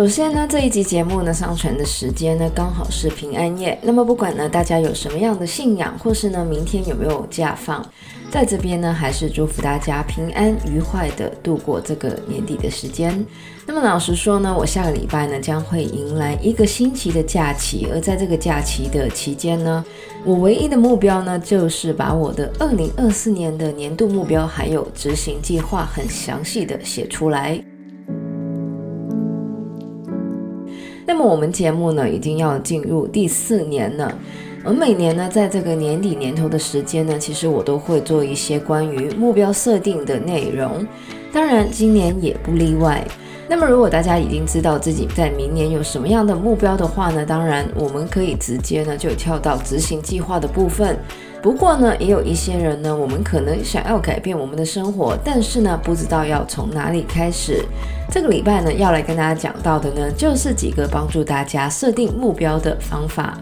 首先呢，這一集節目呢，上傳的時間呢，剛好是平安夜。那麼不管呢大家有什麼樣的信仰，或是呢明天有沒有假放，在這邊呢還是祝福大家平安愉快的度過這個年底的時間。那麼老實說呢，我下個禮拜呢將會迎來一個星期的假期，而在這個假期的期間呢，我唯一的目標呢就是把我的二零二四年的年度目標還有執行計劃很詳細的寫出來。那麼我們節目呢已經要進入第四年了，而每年呢在這個年底年頭的時間呢，其實我都會做一些關於目標設定的內容，當然今年也不例外。那麼如果大家已經知道自己在明年有什麼樣的目標的話呢，當然我們可以直接呢就跳到執行計劃的部分。不過呢，也有一些人呢，我們可能想要改變我們的生活，但是呢，不知道要從哪裡開始。這個禮拜呢，要來跟大家講到的呢，就是幾個幫助大家設定目標的方法。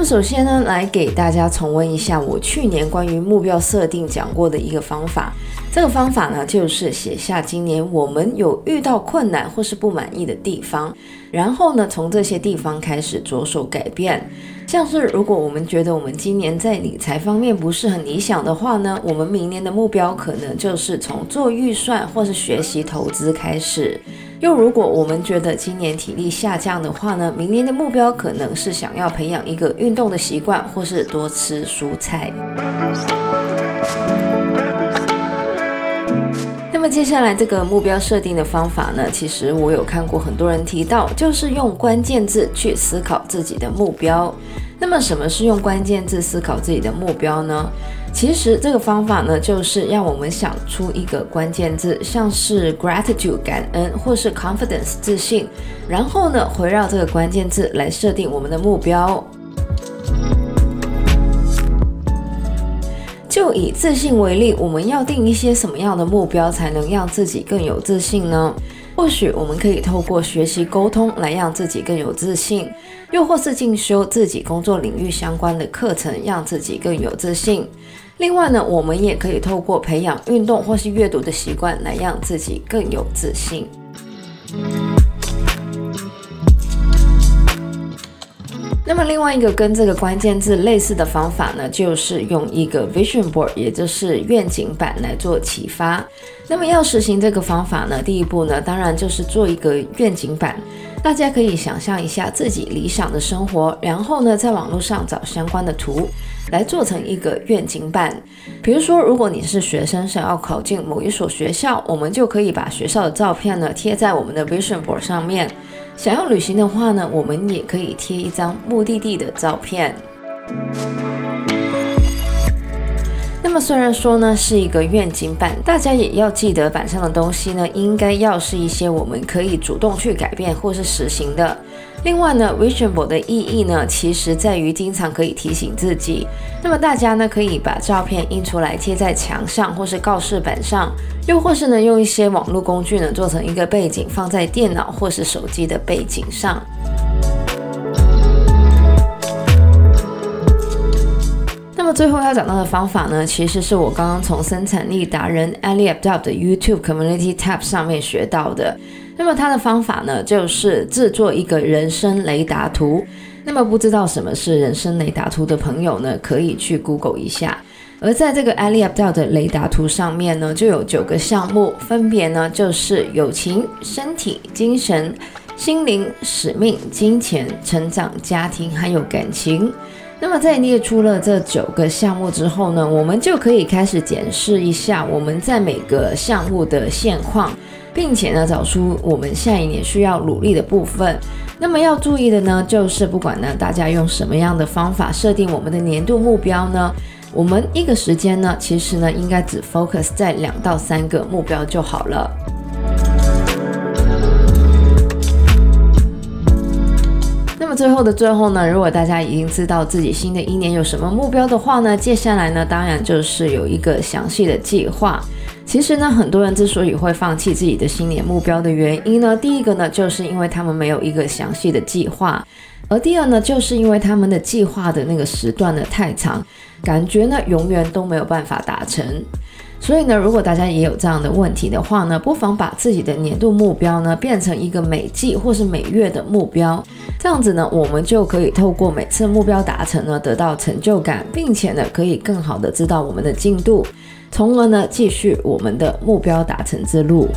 那麼首先呢，來給大家重溫一下我去年關於目標設定講過的一個方法。這個方法呢，就是寫下今年我們有遇到困難或是不滿意的地方，然後呢，從這些地方開始着手改變。像是如果我們覺得我們今年在理財方面不是很理想的話呢，我們明年的目標可能就是從做預算或是學習投資開始。又如果我們覺得今年體力下降的話呢，明年的目標可能是想要培養一個運動的習慣或是多吃蔬菜。那麼接下來這個目標設定的方法呢，其實我有看過很多人提到，就是用關鍵字去思考自己的目標。那麼，什麼是用關鍵字思考自己的目標呢？其實，這個方法呢，就是讓我們想出一個關鍵字，像是 gratitude 感恩，或是 confidence 自信，然後呢，圍繞這個關鍵字來設定我們的目標。就以自信為例，我們要定一些什麼樣的目標，才能讓自己更有自信呢？或許我們可以透過學習溝通來讓自己更有自信，又或是進修自己工作領域相關的課程，讓自己更有自信。另外呢，我們也可以透過培養運動或是閱讀的習慣來讓自己更有自信。那麼另外一個跟這個關鍵字類似的方法呢，就是用一個 vision board，也就是願景板來做啟發。那麼要實行這個方法呢，第一步呢，當然就是做一個願景板。大家可以想象一下自己理想的生活，然後呢，在網絡上找相關的圖來做成一個願景板。比如說，如果你是學生，想要考進某一所學校，我們就可以把學校的照片呢貼在我們的 vision board 上面。想要旅行的話呢，我們也可以貼一張目的地的照片。那麼雖然說呢是一個願景板，大家也要記得板上的東西呢，應該要是一些我們可以主動去改變或是實行的。另外呢，vision b o a 的意義呢，其實在於經常可以提醒自己。那麼大家呢，可以把照片印出來貼在牆上或是告示板上，又或是呢，用一些網絡工具呢，做成一個背景放在電腦或是手機的背景上。那麼最後要講到的方法呢，其實是我剛剛從生產力達人 Ali Abdaal 的 YouTube Community Tab 上面學到的。那麼他的方法呢，就是製作一個人生雷達圖。那麼不知道什麼是人生雷達圖的朋友呢，可以去 Google 一下。而在這個 Ali Abdaal 的雷達圖上面呢，就有九個項目，分別呢就是友情、身體、精神、心靈、使命、金錢、成長、家庭還有感情。那麼，在列出了這九個項目之後呢，我們就可以開始檢視一下我們在每個項目的現況，並且呢，找出我們下一年需要努力的部分。那麼要注意的呢，就是不管呢大家用什麼樣的方法設定我們的年度目標呢，我們一個時間呢，其實呢，應該只 focus 在兩到三個目標就好了。那麼最後的最後呢，如果大家已經知道自己新的一年有什麼目標的話呢，接下來呢，當然就是有一個詳細的計劃。其實呢，很多人之所以會放棄自己的新年目標的原因呢，第一個呢，就是因為他們沒有一個詳細的計劃，而第二呢，就是因為他們的計劃的那個時段呢太長，感覺呢永遠都沒有辦法達成。所以呢，如果大家也有這樣的問題的話呢，不妨把自己的年度目標呢變成一個每季或是每月的目標，這樣子呢，我們就可以透過每次目標達成呢得到成就感，並且呢可以更好的知道我們的進度，從而呢繼續我們的目標達成之路。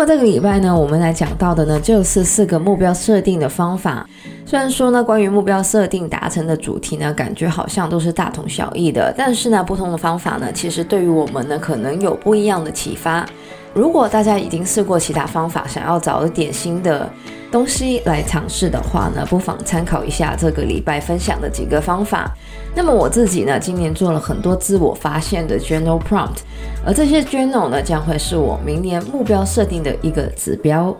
那麼這個禮拜呢，我們來講到的呢，就是四個目標設定的方法。雖然說呢，關於目標設定達成的主題呢，感覺好像都是大同小異的，但是呢，不同的方法呢，其實對於我們呢，可能有不一樣的啟發。如果大家已經試過其他方法，想要找一點新的東西來嘗試的話呢，不妨參考一下這個禮拜分享的幾個方法。那麼我自己呢，今年做了很多自我發現的 journal prompt，而這些 journal 呢，將會是我明年目標設定的一個指標。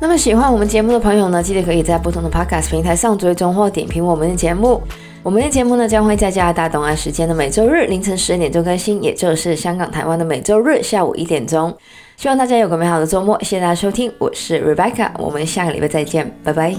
那麼喜歡我們節目的朋友呢，記得可以在不同的 podcast 平台上追蹤或點評我們的節目。我們的節目呢，將會在加拿大東岸時間的每週日凌晨十點鐘更新，也就是香港、台灣的每週日下午一點鐘。希望大家有個美好的週末，謝謝大家收聽，我是 Rebecca，我們下個禮拜再見，拜拜。